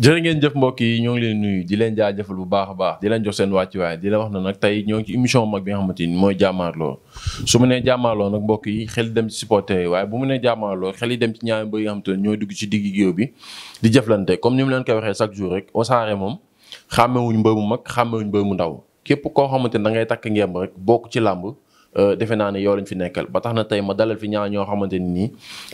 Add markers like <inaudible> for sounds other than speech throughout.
jërë ngeen jëf mbokk yi ñoo ngi leen nuyu di leen jaajëfal bu baax a baax di leen jox seen wàccuwaay di la wax na nag tey ñoo ngi ci émission mag bi nga xamante su mu nee nag mbokk yi xel dem ci supporter waaye bu mu nee xel yi dem ci ñaari mbër yi ñoo dugg ci digg géew bi di jëflante comme ni mu leen koy waxee chaque jour rek Wassare moom xàmmewuñ mbër mu mag xàmmewuñ mbër mu ndaw képp koo xamante ne da ngay takk ngemb rek bokk ci làmb euh, defe naa ne yow lañ fi nekkal ba tax na tey ma dalal fi ñaar ñoo xamante ni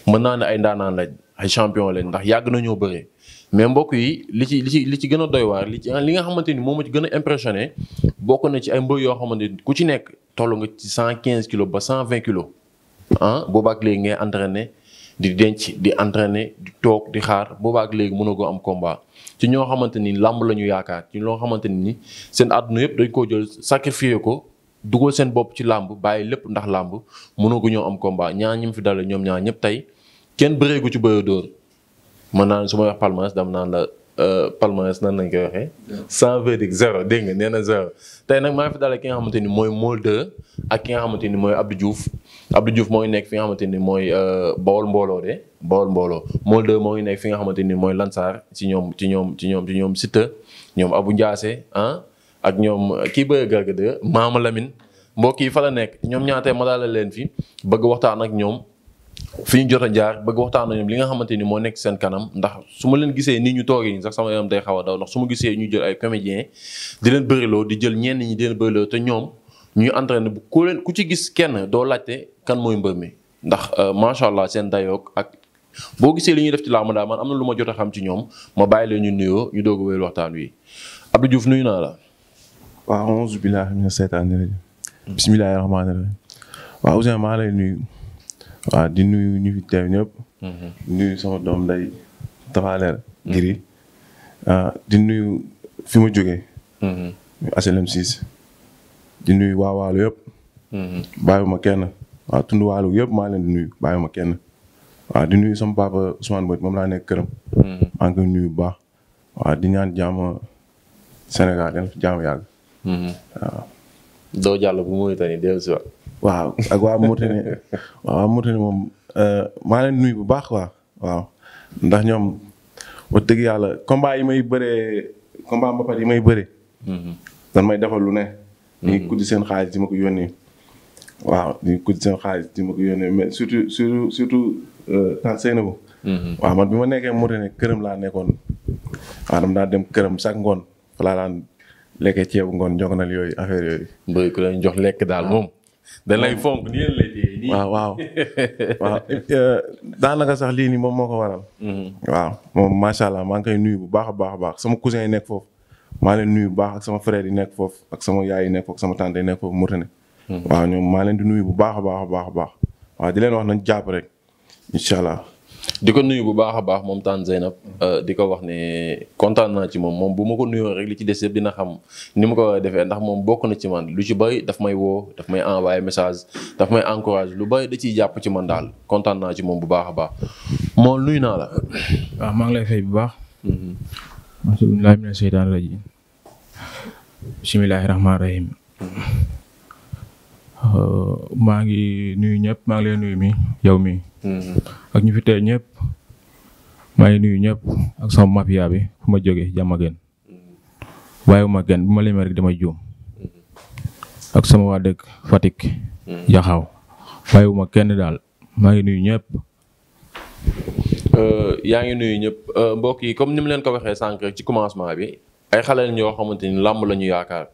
mën naa ne ay ndaanaan lañ ay champion lañ ndax yàgg nañoo bëree mais mbokk yi li ci li ci li ci gën a doy waar li ci li nga xamante ni moom ma ci gën a impressionné bokk na ci ay mbër yoo xamante ni ku ci nekk toll nga ci cent quinze kilos ba cent vingt kilos ah boobaak léegi ngay entraîné di denc di entraîné di toog di xaar boobaak léegi ko am combat ci ñoo xamante ni làmb la ñu yaakaar ci loo xamante ni seen àdduna yëpp dañ koo jël sacrifié ko dugal seen bopp ci làmb bàyyi lépp ndax làmb mënagoo ñoo am combat ñaar ñi mu fi dalee ñoom ñaar ñëpp tey kenn bëreegu ci bëre dóor mën naa su ma wax palmarès dama naan la euh, palmarès nan lañ koy waxee. san verdict zéro dégg nga nee na zéro tey nag maa ngi fi dalal ki nga xamante ni mooy Molde ak ki nga xamante ni mooy Abdou Diouf Abdou juuf moo ngi nekk fi nga xamante ni mooy euh, Bawol Mbooloo de Bawol Mbooloo Molde moo ngi nekk fi nga xamante ni mooy Lansar ci ñoom ci ñoom ci ñoom ci ñoom Siteu ñoom abu Ndiassé ah ak ñoom euh, kii ba Garga de Maama Lamine mbokk yi fa la nekk ñoom ñaatee ma dalal leen fi bëgg waxtaan ak ñoom. fi ñu jot a jaar bëgg waxtaan nañu li nga xamante ni moo nekk seen kanam ndax su ma leen gisee nii ñu toogee nii sax sama yaram day xaw a daw ndax su ma gisee ñu jël ay comédiens di leen bariloo di jël ñenn ñi di leen bëriloo te ñoom ñu entraîné bu ku leen ku ci gis kenn doo laajte kan mooy mbër mi ndax euh, macha allah seen dayoog ak boo gisee li ñuy def ci ma daal man am na lu ma jot a xam ci ñoom ma bàyyi leen ñu nuyoo ñu doog a wéyal waxtaan wi Abdou Diouf nuyu naa la. waaw auzu billaahi nuyu. waa di nuyu ñu fi teew mhm. di nuyu sama doom nday Tafaleer. Mhm. Giri ah, di nuyu fi ma jógee. HLM 6 di nuyu waa Waalo yëpp. Mhm. ma kenn waaw tund Waalo yëpp maa leen di nuyu ma kenn. waaw di nuyu sama papa Ousmane Boy moom laa nekk këram. maa ngi nuyu baax. waaw di ñaan jàmm Sénégal yàlla fi jàmm yàgg. waaw. doo jàll bu mu Mauritanie dellusiwaat. waaw ak waa Mauritanie waaw waa Mauritanie moom euh, maa leen nuyu bu baax quoi waaw ndax ñoom wax dëgg yàlla combat yi may bëree combat mbapat yi may bëree. Mhm. dan may defal lu ne. di mhm. kuddi seen xaalis di ma ko yónnee. waaw di kuddi seen xaalis di ma ko mais surtout surtout surtout euh, tant Seynabou. Mhm. waaw bi ma nekkee Mauritanie këram laa nekkoon. waaw dama daa dem këram sax ngoon fa laa daan lekkee ceebu ngoon njogonal yooyu affaire yooyu. mbéy ku leen jox lekk daal moom. da lay fonk nii la téye nii. waaw waaw <laughs> waaw euh, daanaka sax lii ni moom moo ko waral. Mm-hmm. waaw moom macha allah maa ngi koy nuyu bu baax a baax a baax sama cousin yi nekk foofu. maa leen nuyu bu baax ak sama frère yi nekk foof ak sama yaay yi nekk foofu sama tante yi nekk foofu Mourtane. Mm-hmm. waaw ñoom maa leen di nuyu bu baax a baax a baax a baax. waaw di leen wax nañ jàpp rek incha allah. di ko nuyu bu baax a baax moom taan Zeynab euh, di ko wax ne kontaan naa ci moom moom bu ma ko nuyoo rek li ci des yëpp dina xam ni ma ko defee ndax moom bokk na ci man lu ci bari daf may woo daf may envoyé message daf may encourage lu bëri da ciy jàpp ci man daal kontaan naa ci moom bu baax a baax moom nuyu naa la. waaw ah, maa ngi lay fay bu baax. Mm-hmm. bismillaahi mina seytaani rajiim bismillaahi rahmaani rahiim mm-hmm. euh, maa ngi nuyu ñëpp maa ngi lay nuyu mi yow mi ak ñu fi tey ñëpp maa ngi nuyu ñëpp ak sama mafia bi fu ma jógee jàmm waaye ma kenn bu ma limee rek damay juum ak sama waa dëkk fatik Jaxaaw waaye ma kenn daal maa ngi nuyu ñëpp. Euh, yaa ngi nuyu ñëpp euh, mbokk yi comme ni mu leen ko waxee sànq ci commencement bi ay xale la ñoo xamante ni làmb la ñu yaakaar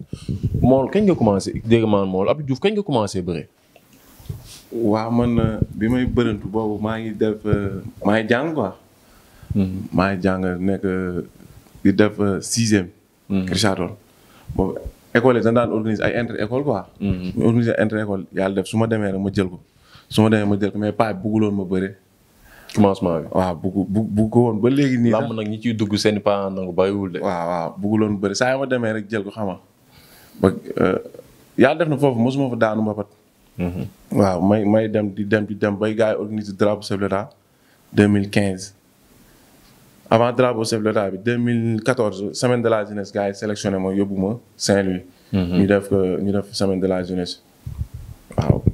mool kañ nga commencé dégg maanaam mool Abdou Diouf kañ nga commencé bëre. waaw man euh, bi may bërëntu boobu maa ngi def euh, maa ngi jàng quoi. Hmm. maa ngi jàng nekk euh, di def sixième. Hmm. Richard-Toll boobu école yi dañ daan organiser ay inter école quoi. Hmm. ñu organiser inter école yàlla def su ma demee rek ma jël ko su ma demee ma jël ko mais paa bëgguloon ma bëre. commencement bi waaw bëggu bëgg ko woon ba léegi. nii lamb nag ñi ciy dugg seen i parents nangu bàyyiwul de. waaw waaw bëgguloon saa yoo ma demee rek jël ko xama ba yàlla def na foofu mosuma fa daanu mbapat. Mm-hmm. waaw may may dem di dem dem bay gars yi organiser drapeau chef de l'État 2015. avant drapeau chef de l'État bi 2014 semaine de la jeunesse gars yi sélectionné ma yóbbu ma Saint-Louis. Mm-hmm. ñu def ñu def semaine de la jeunesse. waaw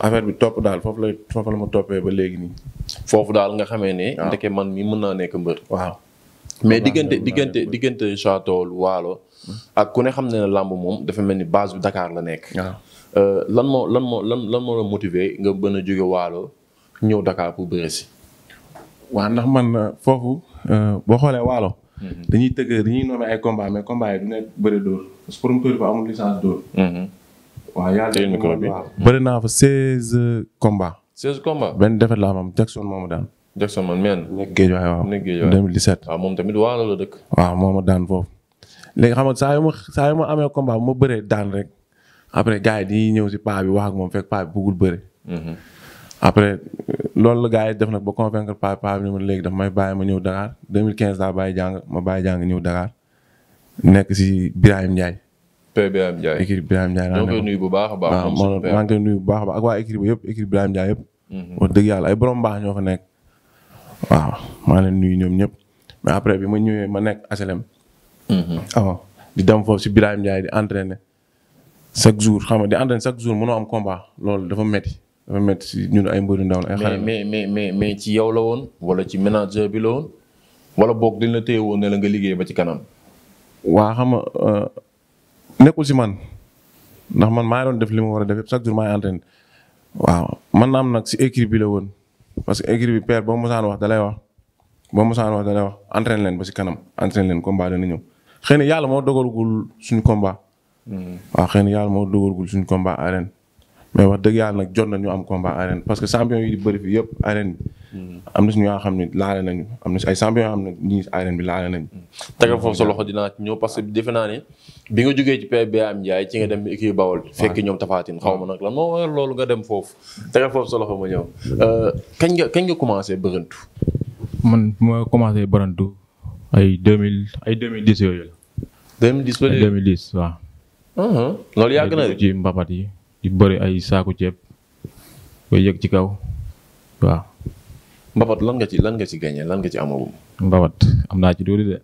affaire bi topp daal foofu la foofu la ma toppee ba léegi nii. foofu daal nga xamee ne. ndeke man mi mën naa nekk mbër. waaw mais diggante diggante diggante Château Waalo. ak ku ne xam ne ne làmb moom dafa mel ni base bu dakaar la nekk. Euh, lan moo lan moo lan moo la motiver nga mën a jóge waalo ñëw dakaar bu bëre si. ndax man euh, foofu euh, boo xoolee waalo. Mhm. dañuy tëgg dañuy nommé ay combat mais combat yi du nekk bëri dóor parce que promoteur ba amul licence dóor. Mhm. waaw mhm. naa fa seize combats. seize combats benn défaite laa am Jackson moom daan. Jackson man meen. nekk Guédiawaye waaw. waaw ah, moom tamit waalo la dëkk. waaw moomu daan foofu. léegi xam nga saa yu ma saa ma amee combat ma bëree daan rek après gars yi di ñëw si paa bi wax ak moom fekk paa bi bëggul mhm. après loolu la gars yi def nag ba convaincre paa paa bi ne ma léegi daf may bàyyi ma ñëw Dakar 2015 laa bàyyi jàng ma bàyyi jàng ñëw Dakar nekk si Birahim Ndiaye. Père Birahim Ndiaye bu baax a baax. waaw maa bu baax ak waa équipe bi yëpp équipe Birahim Ndiaye yëpp. Mhm. dëgg yàlla ay borom baax ñoo fa nekk. waaw maa leen nuyu ñoom ñëpp après bi ma ñëwee ma nekk HLM Mhm. avant ah. di dem foofu si Birame Ndiaye di entraîner chaque jour xam nga di entraîner chaque jour mënoo am combat loolu dafa metti dafa metti si ñun ay mbëri ndaw la ay mais mais mais mais ci yow la woon wala ci manager bi wala boog dañ la téye woon ne liggéey ba ci kanam. waa xam nga euh, nekkul si man ndax man maa doon def li ma war a def chaque jour maa ngi entraîné waaw man naa am nag si équipe bi la woon parce que équipe bi père boo mosaan wax da wax boo mosaan wax da wax entraîné leen ba si kanam entraîné leen combat dana ñëw. xëy na yàlla moo dogalagul suñu combat. Hmm. waaw xëy na yàlla moo dogalagul suñu combat arène. mais wax dëgg yàlla nag jot na am combat arène parce que champion yi di bëri fi yëpp arène bi. Hmm. am na si ñoo xam ne laale nañu am na si ay champion yoo xam ne ñii arène bi laale nañu. Hmm. tegal foofu sa loxo dinaa ñëw parce que defe naa ne bi nga jógee ci PBA am Ndiaye ci nga dem équipe Bawol. fekk ñoom tafaatin xaw ma nag la moo loolu nga dem foofu tegal foofu sa loxo ma ñëw. Euh, kañ nga kañ nga commencé bërantu. man ma commencé bërantu. ay deux mille ay deux mille dix yooyu la. deux mille dix ba léegi deux mille dix waaw. Uh-huh. loolu yàgg na ci mbapat yi di bari ay saaku ceeb koy yëg ci kaw waaw. mbapat lan nga ci lan nga ci gagné lan nga ci amagum. mbapat am naa ci tuuti de.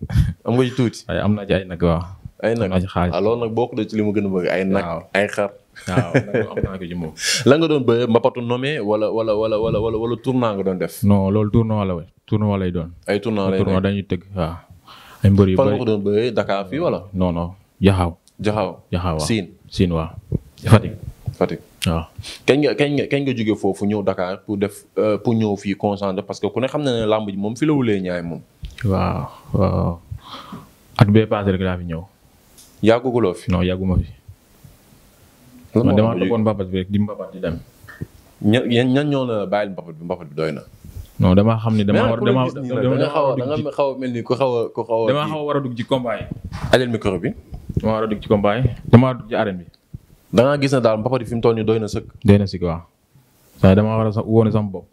am nga ci tuuti. waaye am naa ci ay nag waaw. ay nag waaw ah, loolu nag bokk na ci li ma gën a bëgg ay nag ay xar. waaw am naa ko ci moom. <laughs> lan nga doon bëre mbapatu nommé wala wala wala wala wala tournoi nga doon def. non loolu tournoi la we tournoi lay doon. ay tournoi lay doon dañuy tëgg waaw. ay mbër yu bëri fan nga ko doon bëree Dakar fii wala. non non Jaxaaw. Jaxaaw Jaxaaw waaw Siin Siin waaw. Fatick Fatick. waaw kañ nga kañ nga kañ nga jóge foofu ñëw Dakar pour def euh, pour ñëw fii concentré parce que ku ne xam na ne làmb ji moom fi la wulee ñaay moom. waaw waaw at bee paase rek laa fi ñëw. yàgguguloo fi. non yàgguma fi. lan moo man damaa toppoon mbapat bi rek di mbapat di dem. ña ñan ñoo la bàyyil mbapat bi mbapat bi doy na. non damaa xam ne damaa war damaa dama xaw a mel ni ku xaw a xaw a. damaa xaw a war a dugg ci combat yi. micro bi. damaa war a dugg ci combat yi damaa a dugg ci arène bi. da gis ne daal mbaa di fi mu toll nii doy na sëkk. doy na sëkk waa waaye damaa war a sax woon sama bopp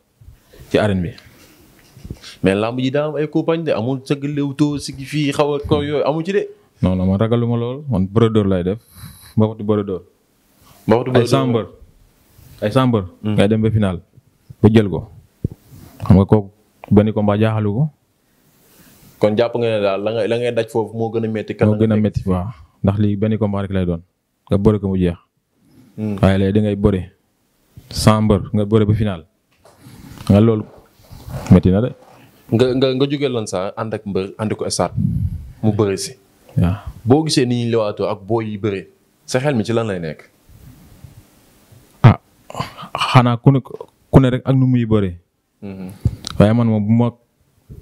ci arène bi. mais ji daa ay compagne amul sëgg Leewtoo si fii xaw a kaw yooyu amu ci de. non non man ragaluma lool man brodeur lay def mbappatu brodeur. mbappatu brodeur ay sambar ay sambar. Hmm. ngay dem ba final ba jël ko. xam nga kooku benn combat jaaxalu ko. kon jàpp nga ne daal la nga la ngay daj foofu moo gën a metti kan moo gën a métti waaw ndax lii benn combat rek lay doon nga bëri ko mu jeex. Hmm. waaye léegi da ngay bëri sans nga bëri ba final nga loolu métti na de. nga nga nga jógee lan sax ànd ak mbër ànd ko mu bëri si. boo gisee ni ñuy lewaatoo ak boo yi bëri sa xel mi ci lan lay nekk. ah xanaa ku ne ku ne rek ak nu muy bëree. waaye man moom bu ma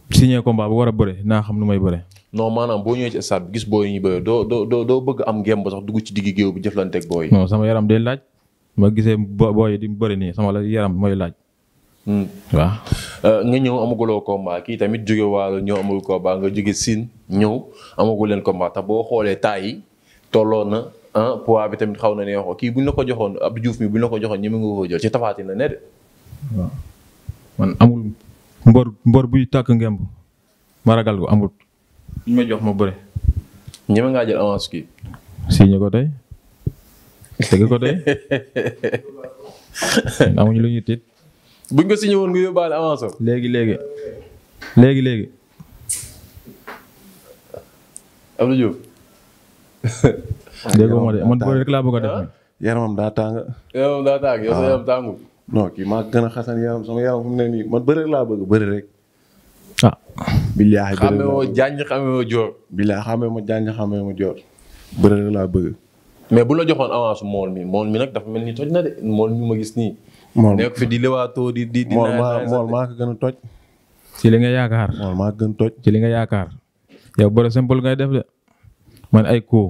signé combat bu war a bëre naa xam nu may bëre. non maanaam boo ñëwee ci bi gis booy ñu bëre doo doo doo bëgg am ngem sax dugg ci digg géew bi jëflanteeg booy yi. sama yaram day laaj ma gisee booy yi di bëri nii sama la yaram mooy laaj. Hmm. waaw. Euh, nga ñëw amaguloo combat kii tamit jóge waalo ñëw amagul combat nga jóge Sine ñëw amagul leen combat te boo xoolee taay yi tolloo na ah poids bi tamit xaw na neexoo kii buñ la ko joxoon ab Diouf mi buñ la ko joxoon ñeme nga ko jël ci tafaati na ne man amul mbor mbor buy tàkk ngemb ma ragal ko amul ñu ma jox ma bëre. ñeme ngaa jël avance kii. signé ko tey dëgg ko tey <laughs> amuñu lu ñu tiit. buñ ko signé woon nga yóbbaale avance am. léegi léegi léegi léegi. Abdou Diouf. <laughs> dégg nga man bëre rek laa bëgg a def. Ah? yaramam daa tàng. yaramam daa tàng non kii maa gën a xasan yaram sama yaram fu mu ne nii man bëri laa bëgg bëri rek. ah. xamee woo jànj xamee woo joor. billaahi ma jànj xamee ma laa bëgg. mais bu la joxoon avance mool mi mool mi nag dafa mel ni toj na de mool mi ma gis nii. mool nekk fi di lewaatoo di di. di naan mool gën a toj. ci li nga yaakaar. mool maa ko gën a toj. ci li nga yaakaar. yow bëri simple ngay def de man ay ko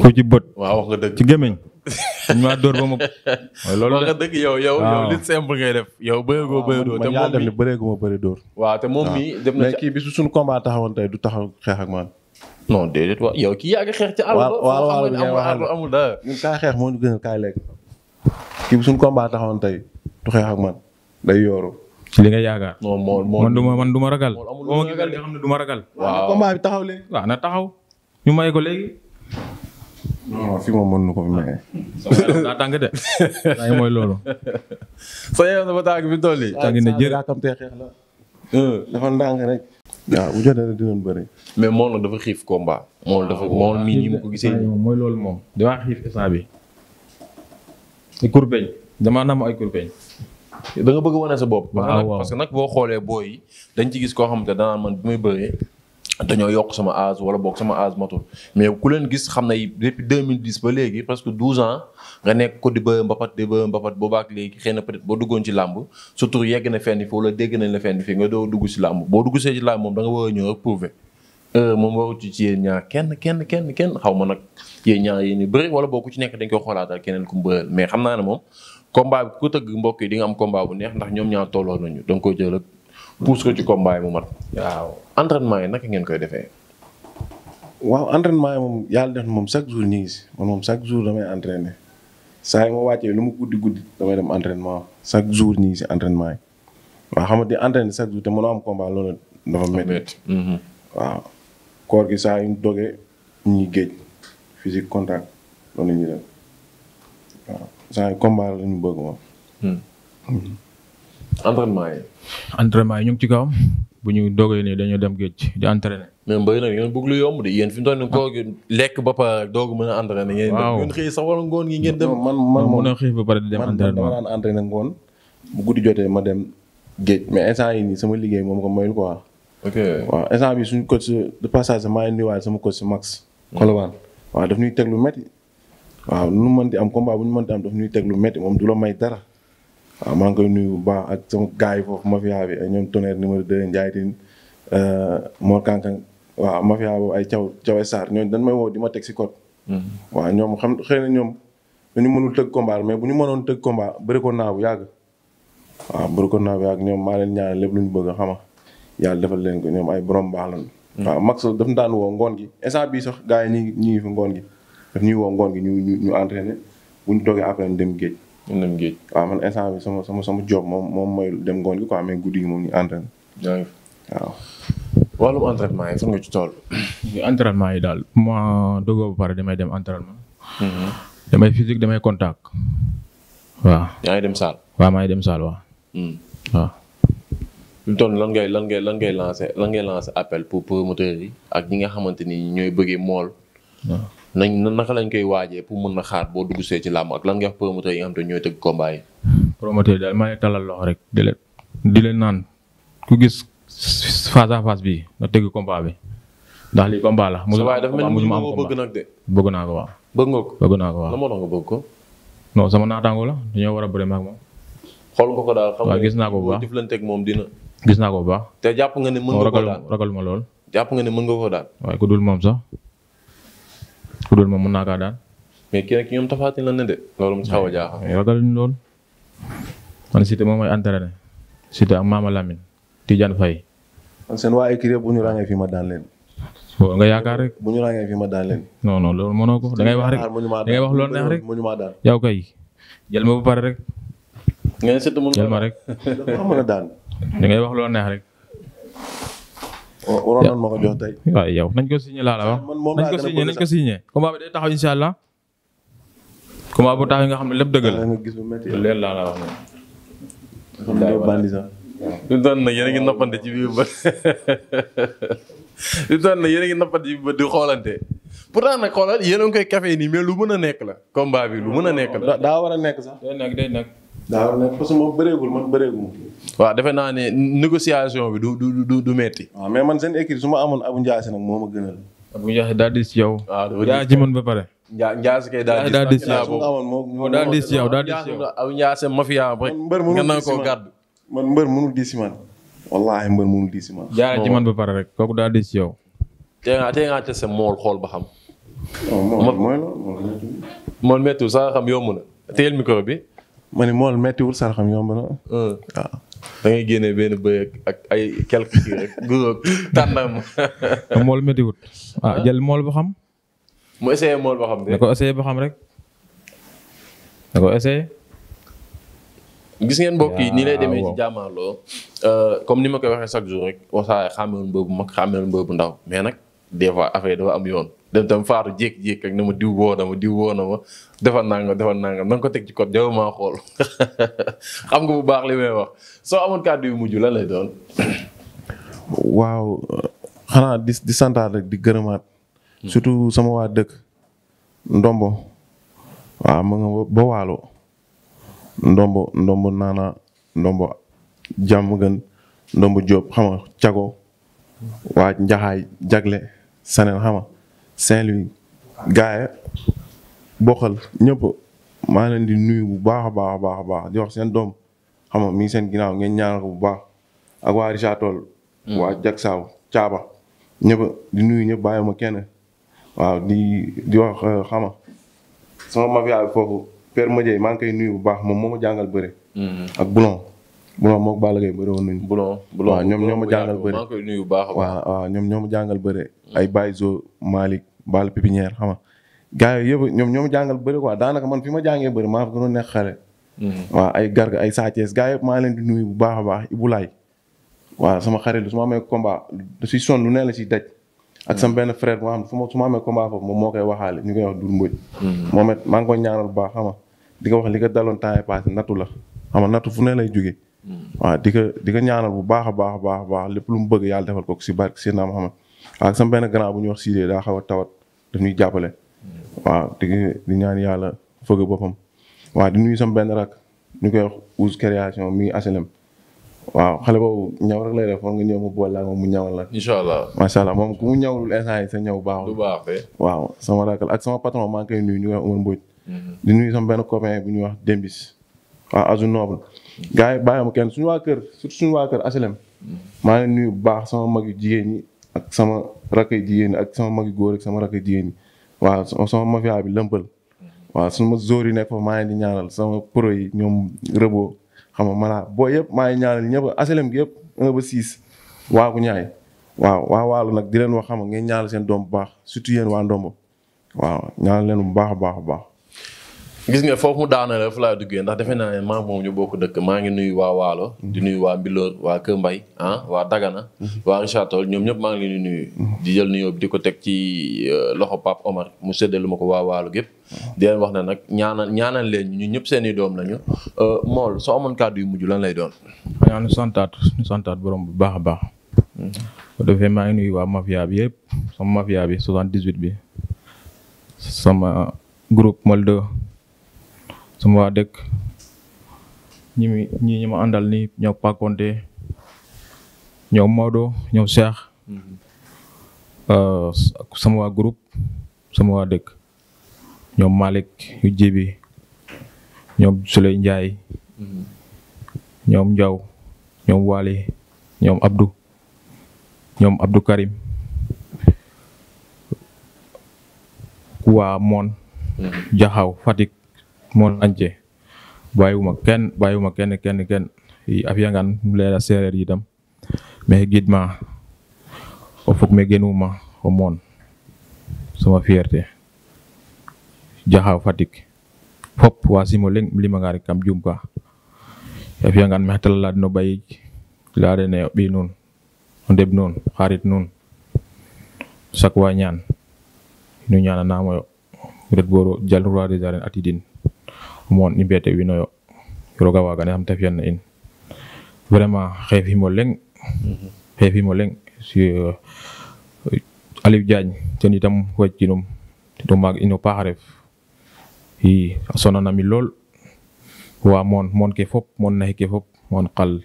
ko ci bët. waaw wax nga dëgg ci gémmiñ dañ maa dóor ba ma. mooy loolu la dëgg yow yow yow li simple ngay def. yow bëree goo ah, bëree moom def dem na mais kii bi su suñu combat du taxaw xeex ak man. non déedéet yow kii yaa xeex ci àll. waaw waaw waaw li ngay wax amul dara. ñun kaay xeex moo ñu gën a kaay kii bi suñu combat taxawoon tey du xeex ak man day yooru. li nga yaakaar. moom moom man du ma man du ma ragal. amul lu ma ragal moom nga xam ne du ma ragal. waaw combat bi taxaw léegi. waaw na taxaw ñu may ko léegi non fi moom mën na ko fi maye. daa tàng de. <laughs> mooy loolu. sa yaram dafa tàng fi tool yi. tàng na jër yaakamtee xeex la. Euh, dafa ndànk rek. waaw bu jotee rek dinañ mais moom la dafa xiif combat. moom dafa moom nii ni mu ko gisee. mooy loolu moom damaa xiif instant bi. ay kurpeñ damaa nam ay kurpeñ. da nga bëgg wane sa bopp. parce que nag boo xoolee booy dañ ci gis koo xamante ne danaa man bi may bëree. dañoo yokk sama âge wala boog sama âge matul mais ku leen gis xam na depuis 2010 ba léegi presque 12 ans nga nekk ko di ba mbapat di ba mbapat boobaak léegi xëy na peut être boo duggoon ci làmb surtout yegg na fenn fi wala dégg nañ la fenn fi nga doo dugg si làmb boo dugg see ci làmb moom da war a ñëw rek prouver euh, moom waru ci ci yéen ñaar kenn kenn kenn kenn xaw ma nag yéen ñaar yéen ñu bëri wala boo ku ci nekk dañ koy xoolaatal keneen ku mais xam naa ne moom combat bi ku tëgg mbokk yi bu neex ndax ñoom ñaar tolloo nañu da nga koy jël pousse ko ci combat yi mu mat. waaw entraînement yi naka ngeen koy defee. waaw entraînement yi moom yàlla def moom chaque jour ñu ngi si man moom chaque jour damay entraîné saa yi ma wàccee lu mu guddi guddi damay dem entraînement chaque jour ñu ngi si entraînement yi waaw xam nga di entraîné chaque jour te mënoo am combat loolu dafa métti. Mhm. waaw koor gi saa yu ñu dogee ñuy géej physique contact loolu la ñuy waaw saa yu combat la ñu bëgg moom. Hmm. Mhm. entraînement yi. entraînement yi ñu ngi ci kawam bu ñu doogee nii dañoo dem géej di entraîner. mais mbay nag yéen bëgg lu yomb de yéen fi mu lekk ba pare doog mën a entraîner. ngoon gi ngeen dem. man man moom a xëy di dem entraînement man dama entraîner ngoon guddi jotee ma dem géej mais instant yi sama liggéey moom ko mayul quoi. ok waaw instant bi suñu coach de passage maa ngi nuyuwaat sama coach Max. Colobane mm. waaw daf ñuy teg lu métti. waaw nu mu mënti am combat bu ñu mënti am daf ñuy teg lu métti moom du la may dara waaw maa ngi koy nuyu bu baax ak sama gars yi foofu mafia bi ay ñoom tonnerre numéro 2 Ndiaye Tine euh, Mor Kankan waaw mafia boobu ay caw cawe Sarr ñooñu dañ may woo di ma teg si code. Mm-hmm. waaw ñoom xam xëy na ñoom dañu mënul tëgg combat mais bu ñu mënoon tëgg combat bëri ko naaw yàgg. waaw bëri ko naaw yàgg ñoom maa leen ñaanal lépp lu ñu bëgg a xama yàlla defal leen ko ñoom ay borom baax mm-hmm. waaw Max daf ñu daan woo ngoon gi instant bi sax gars yi fi ngoon gi daf ñuy woo ngoon gi ñu ñu ñu entraîné bu ñu toogee après dem géej dem dem géej. waaw man instant bi suma sama sama job moom moom mooy dem ngoon gi quoi mais guddi gi moom ñu entraîné. jaajëf waaw. wàllum entraînement yi fan nga ci tool. entraînement yi daal bu ma dogoo ba pare damay dem entraînement. Mm-hmm. damay physique damay contact. waaw. yaa ngi dem saal. waaw maa dem saal waaw. Mm. waaw. fi mu toll lan ngay lan ngay lan ngay lancé lan ngay lancé appel pour promoteurs yi ak ñi nga xamante ni ñooy bëggee mool. nañ naka lañ koy waajee pour mën na xaar boo dugg see ci làmb ak la nga wax promoteur yi nga xam te ñooy tëgg talal loxo rek di leen di leen naan ku gis face à face bi na tëgg combat bi ndax lii combat la. musu waaye dafa mel ni bëgg nag de. bëgg naa ko waaw. bëgg nga ko bëgg naa ko waaw. lan moo tax ko. non sama naataango la dañoo war a bëri moom. xool nga ko daal xam gis naa ko bu baax jëflanteeg moom dina. gis naa ko bu baax. te jàpp nga ne mën nga ko daal ma lool. jàpp nga ne mën nga ko daal. waaye ku dul moom sax pour dul moom mun naa kaa daan. mais kii nag ñoom Tapha Tine la ne de. loolu mu ci xaw a jaaxal. ragaluñ lool man Siteu moom mooy entraîné Siteu ak Mama Lamine Tidiane Faye. kon seen waa écurie bu ñu ràññee fii ma daan leen. bon bu ñu ràññee fii ma daan leen. non non loolu da ngay wax rek da ngay wax loolu neex rek yow kay jël ma ba pare rek. ngeen ma rek. <laughs> da ngay wax loolu neex rek. waroon ma yow nañ ko signé laa la wax. man moom laa gën nañ ko signé combat bi day taxaw incha allah. combat bu taxaw nga xam ne lépp dëgg la. nga gis lu métti leer laa la wax nga bandi a ngi nappante ci biir ba li doon nag yéen a biir ba di xoolante. pourtant nag xoolal yéen koy café nii mais lu mën a nekk la. combat bi lu mën a nekk la. daa war a nekk sax. day daaw ne parce que moom bëreegul man waaw defe naa ne négociation bi du du du du mais man seen équipe su ma amoon Abou Ndiassé nag moo ma gën a Ndiassé daal di si yow. waaw yaa ba pare. Ndiass Ndiass kay daal di. daal di si yow daal di si yow daal di si yow. Abou Ndiassé mafia rek. mbër mënul di si man. wallaahi mbër mënul di si man. jaara ba pare rek kooku daal di si yow. tey nga mool xool ba xam. mool mooy loolu. sax xam yomb na teel micro bi ma ne mool méttiwul saraxam yomb na. Euh. waaw da ngay génne benn bëy ak ay quelque kii rek guróog tànnam. <laughs> mool méttiwul ah, jël mool ba xam. mu essayé mool ba xam de. da ko essayé ba xam rek. da ko essayé. gis ngeen mbokk yi nii lay demee ci jàmmaarloo. Euh, comme ni ma koy waxee chaque jour rek wasaare xàmmeel mbër bu mag xàmmeel mbër ndaw mais nag des fois affaire dafa am yoon. dem tam faatu jékki-jékki ak na ma diw woo na ma diw woo na ma defal naa nga defal naa nga na ko teg ci code jaww maa xool <laughs> xam nga bu baax li may wax soo amoon kàddu yu mujj lan lay doon. <coughs> waaw xanaa di di rek di gërëmaat. Hmm. surtout sama waa dëkk. Ndombo. waaw ma nga ba waalo Ndombo Ndombo naana Ndombo jàmm gën Ndombo Diop xam cago hmm. waa Njaxaay jagle saneen xam Saint-Louis gaaya bokkal ñëpp maa leen di nuyu bu baax a baax a baax a baax di wax seen doom xama mi ngi seen ginnaaw ngeen ñaanal bu baax ak waa Richard Toll. Hmm. waa Jaksaaw Caaba ñëpp di nuyu ñëpp bàyyi ma kenn waaw di di wax euh, xama sama mafia bi foofu Père Madiaye maa ngi koy nuyu bu baax moom moo ma jàngal bëre. Hmm. ak Boulon. bulon moog Balla Gaye bëri woon nañu. bulon ñoom ñoo ma jàngal bëri maa koy nuyu baax a baax waaw ñoom ñoo ma jàngal bëri. Mm. ay Baye Zo Malick Balla Pépinière xam nga gars yi yëpp ñoom ñoo jàngal bëri quoi daanaka man fi ma jàngee bëri maa fa gënoon nekk xale. Mm-hmm. ay Garga ay Sa Thiès maa leen di nuyu bu baax a baax Ibou Laye waaw sama xarit su ma amee si sonn lu ne la si daj. ak sama mm-hmm. benn frère boo xam fu ma su ma amee moom moo koy waxaale ñu koy wax Doudou Mbodj. Mm-hmm. moom it maa ngi koy ñaanal bu baax xam nga di nga wax li nga daloon temps yii passé nattu la xama nga nattu fu ne lay jógee waaw di ko di ko ñaanal bu baax a baax baax baax lépp lu mu bëgg yàlla defal ko si barke si naam xam ak sama benn grand bu ñuy wax Sidé daa xaw a tawat daf jàppale. waaw di di ñaan yàlla fëgg boppam. waaw di nuyu benn rak ñu koy wax Ousse mi asilem waaw xale boobu ñaw rek lay def war nga ñëw mu boole ak mu ñawal la. incha allah macha allah moom ku mu ñawul instant yi sa ñaw waaw sama rakk ak sama patron maa ngi koy nuyu ñu koy wax Omar mhm. di nuyu sama benn copain bu ñuy wax Dembis. waaw Azou Noble gars yi bàyyi ma kenn suñu waa kër surtout suñu waa kër maa ngi nuyu bu baax sama mag yu jigéen ñi ak sama rakk yu jigéen ak sama mag yu góor ak sama rakk yu jigéen ñi waaw sama mafia bi lëmbal. waaw suma zóor yi nekk foofu maa ngi di ñaanal sama pro yi ñoom rëboo xam nga malaa boo yëpp maa ngi ñaanal ñëpp HLM gi yëpp 1 ba 6 waagu waaw waa waalo nag di leen wax xam a ngeen ñaanal seen doom bu baax surtout yéen waa ndombo waaw ñaanal leen bu baax a baax a baax gis nga foofu mu daanale fu laa duggee ndax defe naa ne maa moom ñu bokk dëkk maa ngi nuyu waa di nuyu waa Mbilor waa Mbay ah, waa Dagana. waa richard ñoom ñëpp maa ngi leen nuyu. di jël nuyoo di ko teg ci euh, loxo Pape Omar mu séddale ma ko waa Waalo gépp di wax ne nag ñaanal ñaanal leen ñu ñëpp seen i doom lañu. Euh, Mool soo amoon yu mujj lan lay doon. xanaa ñu santaat bu baax a baax. bu maa ngi nuyu waa mafia bi yëpp sama mafia bi 78 bi sama groupe Moldo. sama dëkk ñi ñima ñi àndal ni ñoo pàkkonte ñoom Maodo ñoom Cheikh mm-hmm. uh, sama waa samawa dëkk ñoom Malick yu jibi ñoom Souley Ndiaye mm-hmm. ñoom Ndiaw ñoom Waly ñoom Abdou ñoom Abdou Karim waa Moon mm-hmm. Jaxaw Fatick monde entier bàyyiwuma kenn bàyyiwuma kenn kenn kenn a fiyangaan um layel a seereer yitam maxey gidma o fog me genuma o moon sama fierté jaxaaw Fatick fop wa Sim o limanga rek kam juum ka a fiyangaan maxey tala laadin o ɓayiid layaa den o ɓiy nuun o ndeɓ nuun xarit nuun sak wa ñaan nu ñaananaam oyo ret bo jal roi des arènes atidin mon i mbiyete wiinoyo roog a waagan yaam ta fi'an na in vraiment xeefiim o leŋ xeefiim o leŋ euh, Aliou Diagne ten itam wajkinum to maag ino paax ref i a lool wa moon moon ke fop moon naxik ke fop moon qal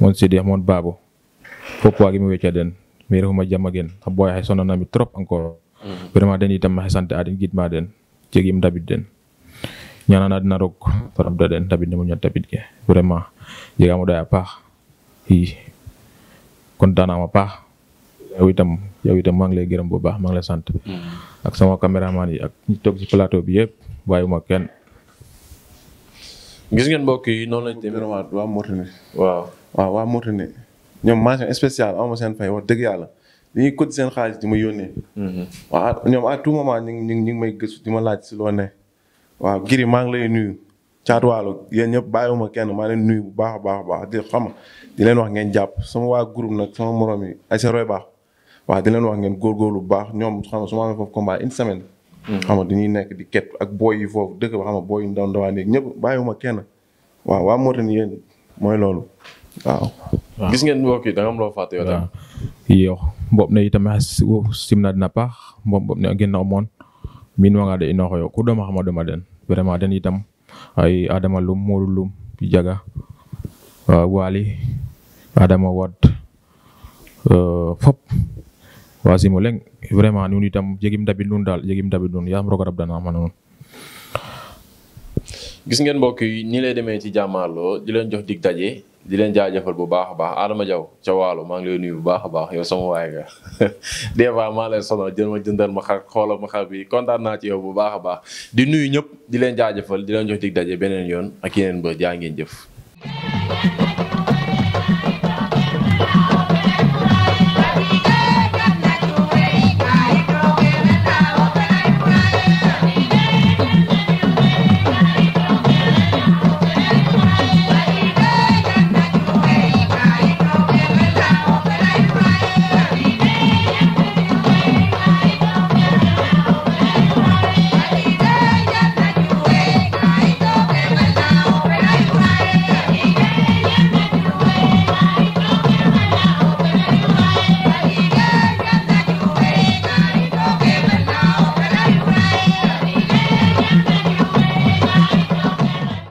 moon Sidiya moon Babo fop waagim o weca den me refuma jama gen xa booy xe sonanami trop encore mm-hmm. vraiment den itam maxey sant a den gidma den jegim ndabid den ñanana rok paramta den tabid ne mo ñat tabid ke vraiment jega mo doya paax i kontaan naa paax yow itam yow itam maa ngi lay gërëm bu baax maa ngi lay sant mm. ak sama caméraman yi ak ñi toog ci plateau bi yëpp bàyyiwuma kenn gis ngeen mbokk yi noonu lañ demee waa Mauritanie waaw waaw waa Mauritanie ñoom mention spéciale am seen fay wax dëgg yàlla dañuy cotiser seen xaalis di ma yónnee mm-hmm. waaw ñoom à tout moment ñu ngi ñu ngi may gëstu di ma laaj si loo waaw Giri maa ngi lay nuyu caatuwaalo yéen ñëpp bàyyiwuma kenn maa leen nuyu bu baax a baax a baax di xam di leen wax ngeen jàpp sama waa groupe nag sama morom yi ay sa baax waaw di leen wax ngeen góorgóorlu bu baax ñoom xam nga su ma amee foofu combat une semaine. Hmm. xam nga dañuy nekk di ket ak booy yi foofu dëkk ba xam nga booy yi ndaw ndawaan yeeg ñëpp bàyyiwuma kenn waaw waa Mauritanie yéen mooy loolu waaw. gis ngeen mbokk yi da nga am loo fàtte yow. yow boobu nag itam simna dina baax boobu nag gën minwagade inoxoyo ku doma xama doma den vraiment den itam ay adama lum modu lum jaga euh, waali adama wad euh, fop wasimo leŋ vraiment nun itam jegim dabid nun daal jegim dabid nun yaam roga rab dana xama nuun gis ngeen mbokk yi nii lay demee ci jàmmaarloo di leen jox dig daje di leen jaajëfal bu baax a baax Adama Diaw ca waalo maa ngi lay nuyu bu baax a baax yow sama waay nga <laughs> des fois maa lay sonal jël ma jëndal ma xar xoolal ma xar bi kontaan naa ci yow bu baax a baax di nuyu ñëpp di leen jaajëfal di leen jox dig daje beneen yoon ak yeneen ba jaa ngeen jëf